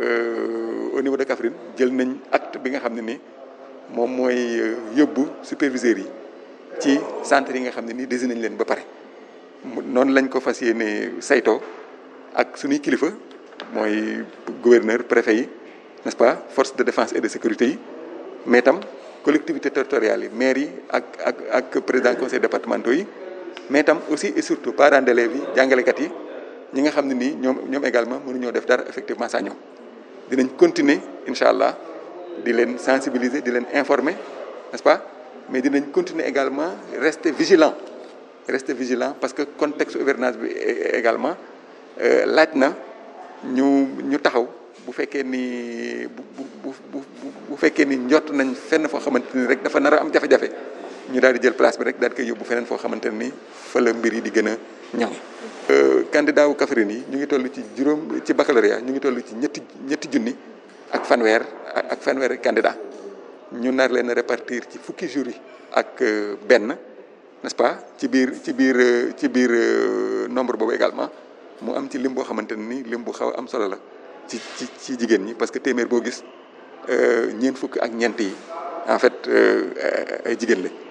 Euh, au niveau de Kaffrine jël nañ acte bi nga xam ne ni moom mooy euh, yóbbu superviseurs yi ci centre yi nga xam ne ni désigné nañ leen ba pare noonu lañ ko fas yéene sayto ak suñuy kilifa mooy gouverneur préfet yi n'est-ce pas force de défense et de sécurité yi mais tam collectivité territoriale yi maire yi ak ak ak président conseil départementaux yi mais aussi et surtout parents d'élèves yi jàngalekat yi ñi nga xam ne nii ñoom ñoom également mënuñoo def dara effectivement saa dinañ continuer inshallah di leen sensibiliser di leen informer n'est-ce pas mais dinañ continuer également rester vigilant rester vigilant parce que contexte hivernage bi également euh, laaj na ñu ñu taxaw bu fekkee ni bu bu bu bu fekkee ni njott nañ fenn foo xamante ni rek dafa nar a am jafe-jafe ñu daal di jël place bi rek daal di koy yóbbu feneen foo xamante ni fa la mbir yi di gën a ñaw Euh, candidat wu kafirini yi ñu ngi toll ci juróom ci baccalauréat ñu ngi toll ci ñetti ñetti junni ak fanweer ak fanweer candidat ñu nar leen répartir ci fukki jury ak euh, benn n'est-ce pas ci biir ci biir euh, ci biir nombre boobu également mu am ci ni xaw am solo la ci ci ci ñi parce que gis fukk ak yi en fait ay